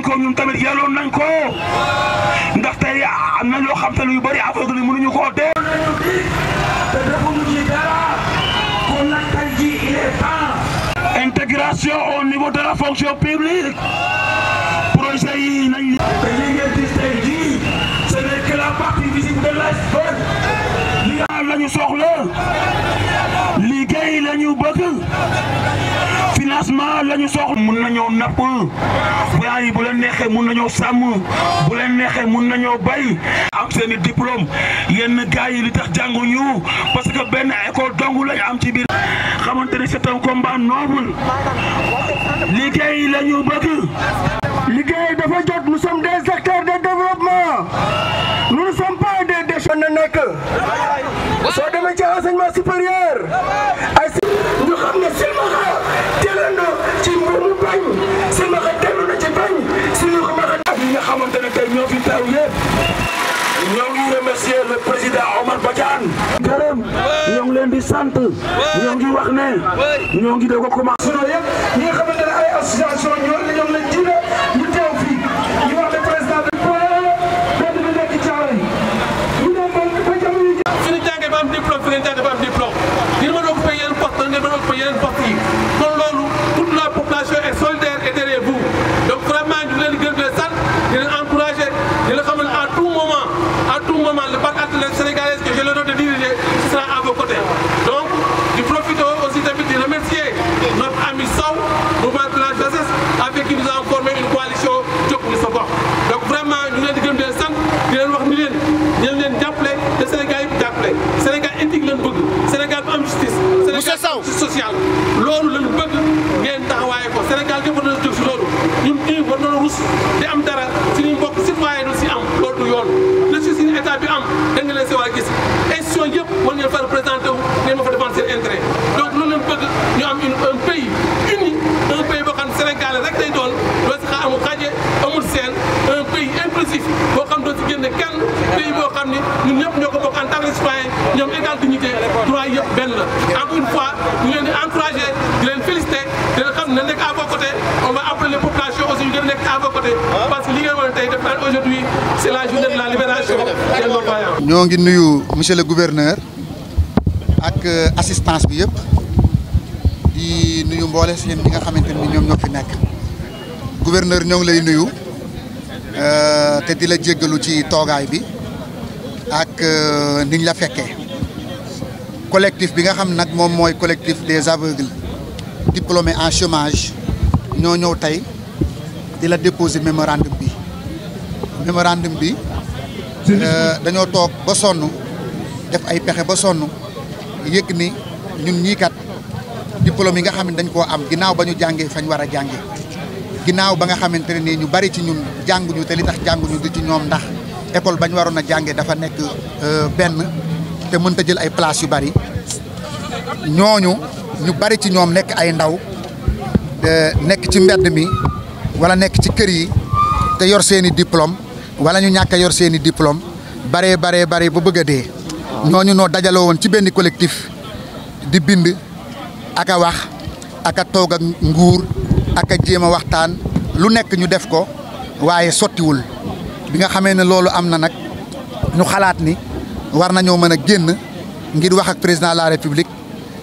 nañ ko ñun tamit yelloon nañ ko am na loo xam te lu bëri affaire yi mënuñu koo dee. te il est temps. intégration au niveau de la fonction publique projet yi nañ. te li la partie visible financement la ñu soxla mun nañoo napp waa yi bu leen neexee mun nañoo sàmm bu leen neexee mun nañoo bay am seen i diplôme yenn gars yi li tax jànguñu parce que benn école dong lañ am ci biir xamante ni c'est un liggéey la ñu bëgg liggéey dafa jot nous sommes des acteurs de développement nous ne sommes pas des déchets na nekk soo demee ci enseignement monsieur le président Omar Badiane gërëm ñoo ngi leen di sant ñoo ngi wax ne ñoo ngi doog a commencé suno yëpp ñi nga xamante ne ay association ñoo la ñoom lañ jiite ñu teew fii ñu wax ne président de benn bi nekk Thiaroye ñu ne moom ba jamono ji fi ñu jàngee ba am diplôme am da nga leen si waa gis institution yëpp war ngeen fa représenté wu ngeen ma fa défendre seen intérêt donc loolu leen bëgg ñu am une un pays uni un pays boo xam ne Sénégal rek day doon doo si xaar amul xaje amul seen un pays inclusif boo xam doo si génne kenn pays boo xam ni ñun ñëpp ñoo ko bokk en tant que ñoom égal dignité droit yëpp benn la encore une fois ñu leen di encouragé di leen félicité di leen xam ne nekk à vos côtés on va appeler aussi ñu gën nekk à vos côtés ah. parce que li nga mën tey aujourd'hui c'est la journée de la libération des non-voyants nuyu monsieur le gouverneur ak euh, assistance bi yëpp di nuyu mboole si ñi nga xamante ni ñoom ñoo gouverneur ñoo ngi lay nuyu euh, te di la jéggalu ci toogaay bi ak euh, niñ la fekkee collectif bi nga xam nak mom moy collectif des aveugles diplômés en chômage ñoo ñëw tay di la déposer mémorandum bi mémorandum bi euh, dañu tok ba sonu def ay pexé ba sonu yek ni ñun ñi kat diplôme yi nga xam dañ ko am ginaaw bañu ñu fañ wara a ginaaw ba nga xamanteni ne ñu bari ci ñun ñu té li tax ñu di ci ñom ndax école bañ waroon a jànge dafa nekk euh, benn te mënta jël ay place yu bari ñoñu ñu bari ci ñom nek ay ndaw euh, nek ci mbedd mi wala nek ci kër yi te yor seeni diplôme wala ñu ñaka yor seeni diplôme bare bare bare bu bëgg dé ñoñu no dajalo won ci benn collectif di bind aka wax aka toog ak nguur aka jema waxtaan lu nek ñu def ko waaye wul bi nga xamé ne lolu amna nak ñu xalaat ni war nañu mëna genn ngir wax ak président la république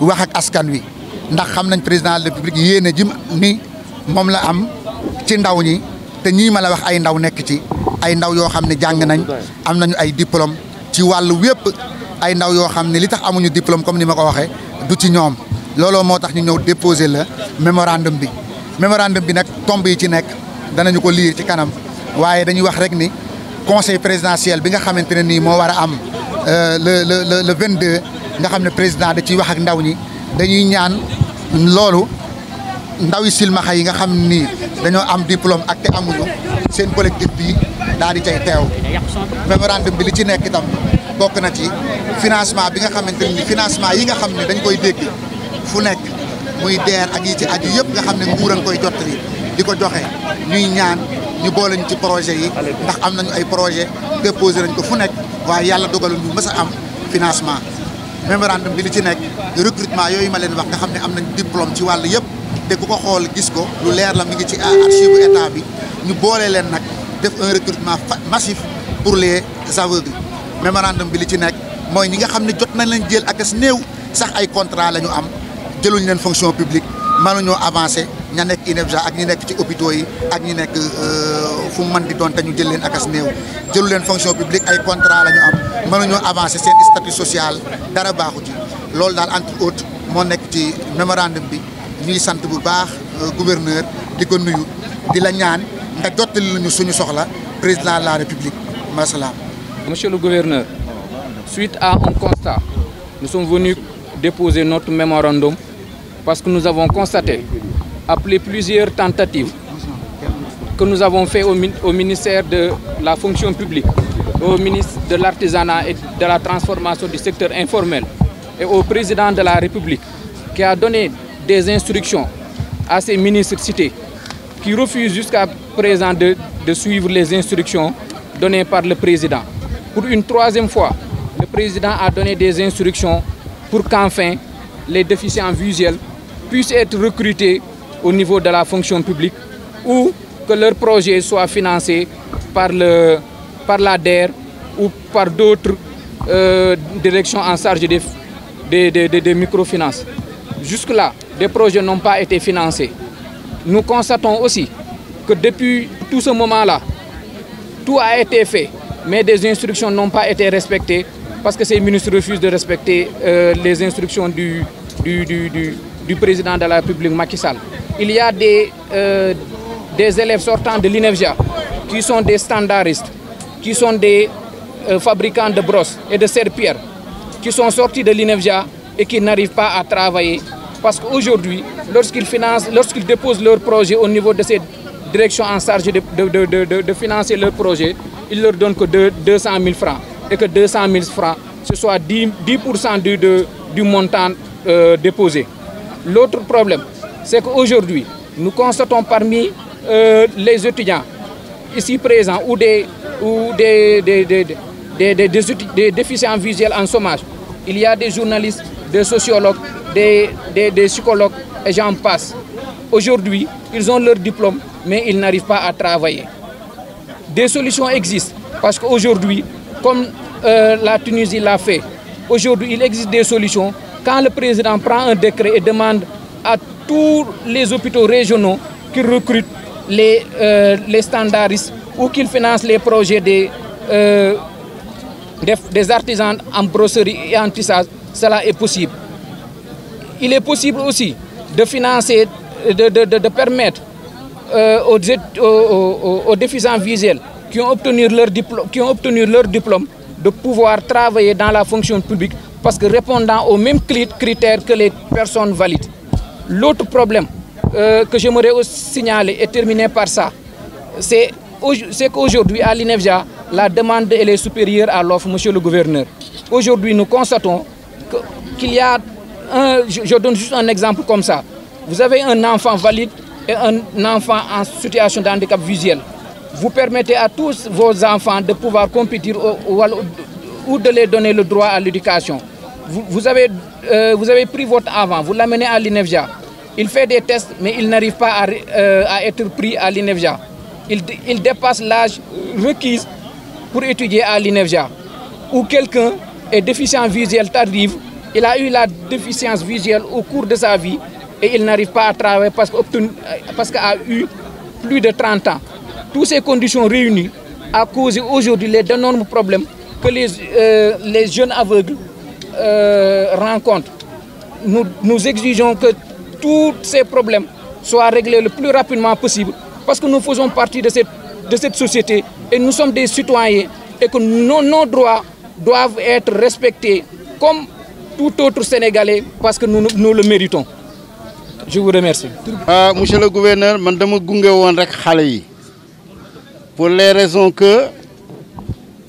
wax ak askan wi ndax xam nañ président la république yéene jim ni mom la am ci ndaw ñi te ñii ma la wax ay ndaw nekk ci ay ndaw yoo xam ne jàng nañ am nañu ay diplôme ci wàll wépp ay ndaw yoo xam ne li tax amuñu diplôme comme ni ma ko waxee du ci ñoom looloo moo tax ñu ñëw déposé la mémorandum bi mémorandum bi nag tomb yi ci nekk danañu ko liir ci kanam waaye dañuy wax rek ni conseil présidentiel bi nga xamante ne nii moo war a am euh, le le le 22 nga xam ne président da ciy wax ak ndaw ñi dañuy ñaan loolu ndawi silmaxa yi nga xam ni dañoo am diplôme ak te amuñu seen collectif bi daal di cay teew mémorandum bi li ci nekk itam bokk na ci financement bi nga xamante ni financement yi nga xam ne dañ koy dégg fu nekk muy deer ak yi ci aju yëpp nga xam ne nguur a koy jottali di ko joxe ñuy ñaan ñu boole ñu ci projet yi ndax am nañu ay projet déposé nañ ko fu nekk waaye yàlla dogalu ñu mës a am financement mémorandum bi li ci nekk recrutement yooyu ma leen wax nga xam ne am nañ diplôme ci wàll yëpp te ku ko xool gis ko lu leer la mi ngi ci archive état bi ñu boolee leen nag def un recrutement massif pour les aveugles mémorandum bi li ci nekk mooy ñi nga xam ne jot nañ leen jël ak as néew sax ay contrat la ñu am jëluñ leen fonction publique mënuñoo avancé ña nekk INEFJA ak ñi nekk ci hôpitaux yi ak ñi nekk euh, fu mu di don ta ñu jël leen akas neew jëlu leen fonction publique ay contrat lañu am am ñu avancer sen statut social dara baxu ci lool daal entre autres mo nekk ci mémorandum bi ñuy sant bu baax euh, gouverneur diko nuyu di la ñaan nga jottali lañu suñu soxla président de la république masalaam monsieur le gouverneur suite à un constat nous sommes venus déposer notre mémorandum parce que nous avons constaté appelé plusieurs tentatives que nous avons fait au, ministère de la fonction publique, au ministre de l'artisanat et de la transformation du secteur informel et au président de la République qui a donné des instructions à ces ministres cités qui refusent jusqu'à présent de, de suivre les instructions données par le président. Pour une troisième fois, le président a donné des instructions pour qu'enfin les déficients visuels puissent être recrutés au niveau de la fonction publique ou que leur projet soit financé par, le, par l'ADER ou par d'autres euh, directions en charge des, des, microfinances. Jusque-là, des projets n'ont pas été financés. Nous constatons aussi que depuis tout ce moment-là, tout a été fait, mais des instructions n'ont pas été respectées parce que ces ministres refusent de respecter euh, les instructions du, du, du, président de la République Macky Sall il y a des, euh, élèves sortant de l'INEFJA qui sont des standardistes, qui sont des euh, fabricants de brosses et de serpillères, qui sont sortis de l'INEFJA et qui n'arrivent pas à travailler. Parce qu'aujourd'hui, lorsqu'ils financent, lorsqu'ils déposent leur projet au niveau de cette direction en charge de, financer leur projet, ils leur donnent que 200 000 francs. Et que 200 000 francs, ce soit 10, 10 du, du, montant euh, déposé. L'autre problème, c'est qu'aujourd'hui, nous constatons parmi euh, les étudiants ici présents ou des, ou des, des, déficients visuels en sommage, il y a des journalistes, des sociologues, des, des psychologues, et j'en passe. Aujourd'hui, ils ont leur diplôme, mais ils n'arrivent pas à travailler. Des solutions existent, parce qu'aujourd'hui, comme euh, la Tunisie l'a fait, aujourd'hui, il existe des solutions. Quand le président prend un décret et demande à tous les hôpitaux régionaux qui recrutent les, euh, les standardistes ou qui financent les projets euh, des, des, artisans en brosserie et en tissage, cela est possible. Il est possible aussi de financer, de, permettre euh, aux, aux, aux, déficients visuels qui ont, obtenu leur qui ont obtenu leur diplôme de pouvoir travailler dans la fonction publique parce que répondant aux mêmes critères que les personnes valides. L'autre problème euh, que j'aimerais aussi signaler et terminer par ça, c'est qu'aujourd'hui à l'INEFJA, la demande est supérieure à l'offre, monsieur le gouverneur. Aujourd'hui, nous constatons qu'il y a un, je, donne juste un exemple comme ça. Vous avez un enfant valide et un enfant en situation de handicap visuel. Vous permettez à tous vos enfants de pouvoir compétir ou, de les donner le droit à l'éducation. Vous, avez, euh, vous avez pris votre avant, vous l'amenez à l'INEFJA il fait des tests, mais il n'arrive pas à, euh, être pris à l'INEFJA. Il, dépasse l'âge requis pour étudier à l'INEFJA. Ou quelqu'un est déficient visuel tardive, il a eu la déficience visuelle au cours de sa vie et il n'arrive pas à travailler parce qu'il a eu plus de 30 ans. Toutes ces conditions réunies a causé aujourd'hui les d'énormes problèmes que les, euh, jeunes aveugles euh, rencontrent. Nous, nous exigeons que tous ces problèmes soient réglés le plus rapidement possible parce que nous faisons partie de cette, de cette société et nous sommes des citoyens et que nos, droits doivent être respectés comme tout autre Sénégalais parce que nous, le méritons. Je vous remercie. Euh, monsieur le gouverneur, pour les raisons que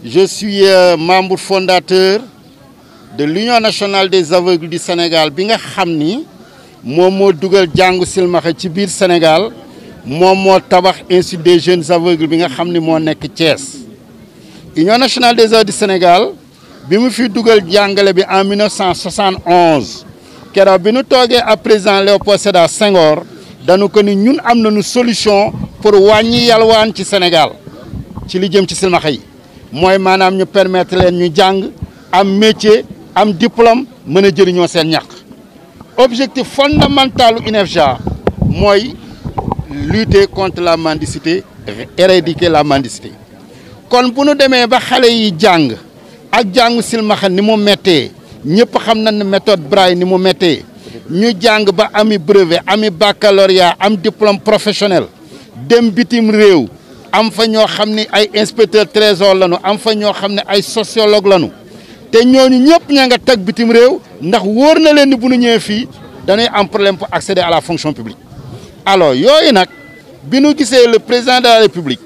je suis euh, membre fondateur de l'Union nationale des aveugles du Sénégal, moom moo dugal jàngu silmaxa ci biir Sénégal moom moo tabax institut des jeunes aveugles bi nga xam ni moo nekk Thiès Union nationale des oeuvres du Sénégal bi mu fi dugal jàngale bi en 1971 keroog bi nu toogee à président Léopold Sédar Senghor dañu ko ni ñun am nañu solution pour wàññi yalwaan ci Sénégal ci li jëm ci silmaxa yi mooy maanaam ñu permettre leen ñu jàng am métier am diplôme mën a jëriñoo seen ñàkk objectif fondamental u INEFJA lutter contre la mendicité éradiquer la mendicité kon bu nu demee ba xale yi jang ak jàngu silmaxa ni mu méttee ñëpp xam na méthode Braille ni mu méttee ñu ami brevet ami baccalauréat am diplôme professionnel dem bitim réew am fa ñoo xam inspecteur trésor lañu am fa ñoo sociologue lañu et nous ñëpp ñanga tag bitim réew ndax na bu ñu problème pour accéder à la fonction publique alors yoy nak bi ñu le président de la république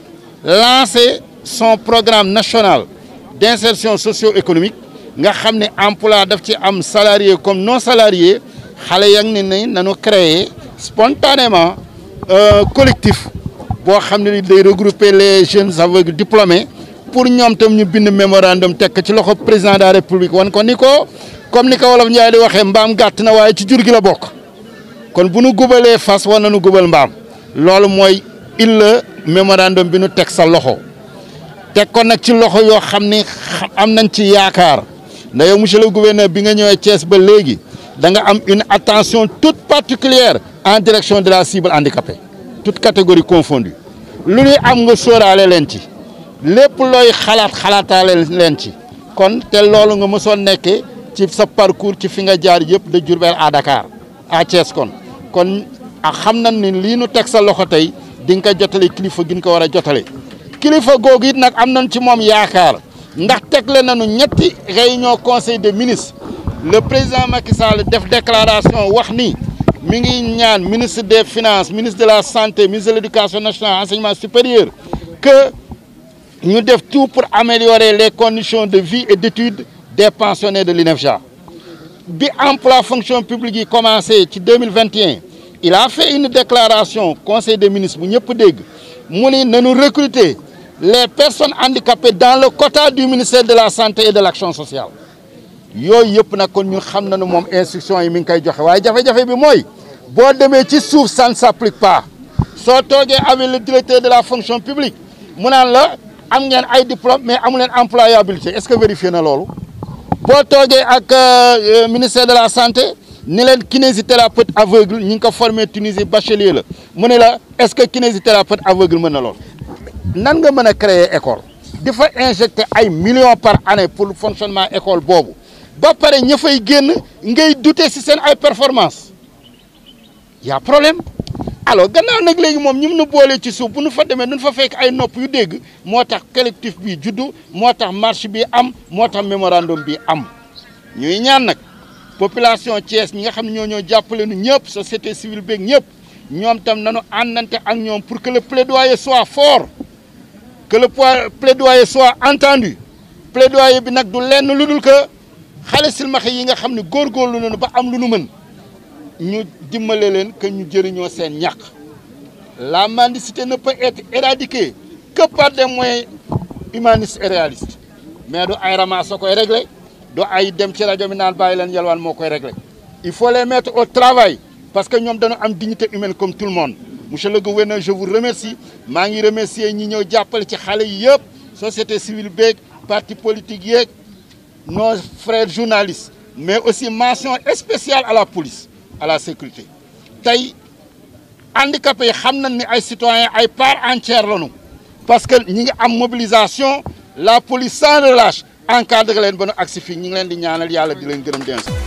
lancer son programme national d'insertion socio-économique nga xamné emploi daf ci am salarié comme non salariés xalé yak ngi nañu créer spontanément euh, collectif pour xamné regrouper les jeunes aveugles diplômés pour ñoom tam ñu bind mémorandum tekk ci loxo président de la république wan ko ni ko comme ni ko wolof njaay di waxee mbaam gàtt na waaye ci jur la bokk kon bu nu gubalee fas war nañu gubal mbaam loolu mooy illa mémorandum bi nu teg sa loxo teg ko nag ci loxo yoo xam ni am nañ ci yaakaar nda yow monsieur le gouverneur bi nga ñëwee Thiès ba léegi da nga am une attention toute particulière en direction de la cible handicapée toute catégorie confondue lu ñuy am nga sóoraale leen ci lépp looy xalaat xalaataale leen ci kon te loolu nga mësoon nekkee ci sa parcours ci fi nga jaar yëpp da Diourbel à Dakar à kon kon a xam nañ ni lii nu teg sa loxo tey di nga ko jotale kilifa gi nga ko war a jotale kilifa googu it nag am nañ ci moom yaakaar ndax tegle nañu ñetti ñoo conseil des ministres le président Macky Sall def déclaration wax ni mi ngi ñaan ministre des finance ministre de la santé ministre de l' éducation nationale enseignement supérieur nous devons tout pour améliorer les conditions de vie et d'études des pensionnaires de l'INEFJA. L'emploi fonction publique a commencé en 2021. Il a fait une déclaration au Conseil des ministres. pour nous recruter les personnes handicapées dans le quota du ministère de la Santé et de l'Action sociale. yooyu yëpp nag kon ñu xam nañu moom instruction yi mi ngi koy joxe waaye jafe-jafe bi ça ne s'applique pas soo avec le directeur de la fonction publique mu am ngeen ay diplôme mais amu leen employabilité est-ce que vérifié na loolu boo toogee ak euh, ministère de la santé ni leen kinésithérapeute aveugle ñi ngi ko formé bachelier la mu ne la est-ce que kinésithérapeute aveugle mën na loolu nan nga mën a créer école di fa injecté ay millions par année pour fonctionnement école boobu ba pare ña fay génn ngay douter si seen ay performance y problème alors nous nak léegi mom a ci bu fa démé fa ay nopp yu dégg collectif bi juddu motax marche bi am motax memorandum bi am ñuy ñaan population Thiès ñi nga xam ñëpp société civile bi ñëpp ñom tam nañu pour que le plaidoyer soit fort que le plaidoyer soit entendu plaidoyer bi nak du lenn que yi nga nous dimbale que nous jëriñoo seen ñàq la mendicité ne peut être éradiquée que par des moyens humanistes et réalistes mais do ay ko réglé ay dem ci radio il faut les mettre au travail parce que nous dañu am dignité humaine comme tout le monde monsieur le gouverneur je vous remercie je ngi remercier ñi ñëw jappal ci xalé yépp, société civile partis parti politique nos frères journalistes mais aussi mention spéciale à la police à la sécurité tey handicapé yi xam nañ ni ay citoyens ay part entière lañu parce que ñi ngi am mobilisation la police sans relâche encadré leen ba nu agsi fii ñu ngi leen di ñaanal yàlla di leen gërëm di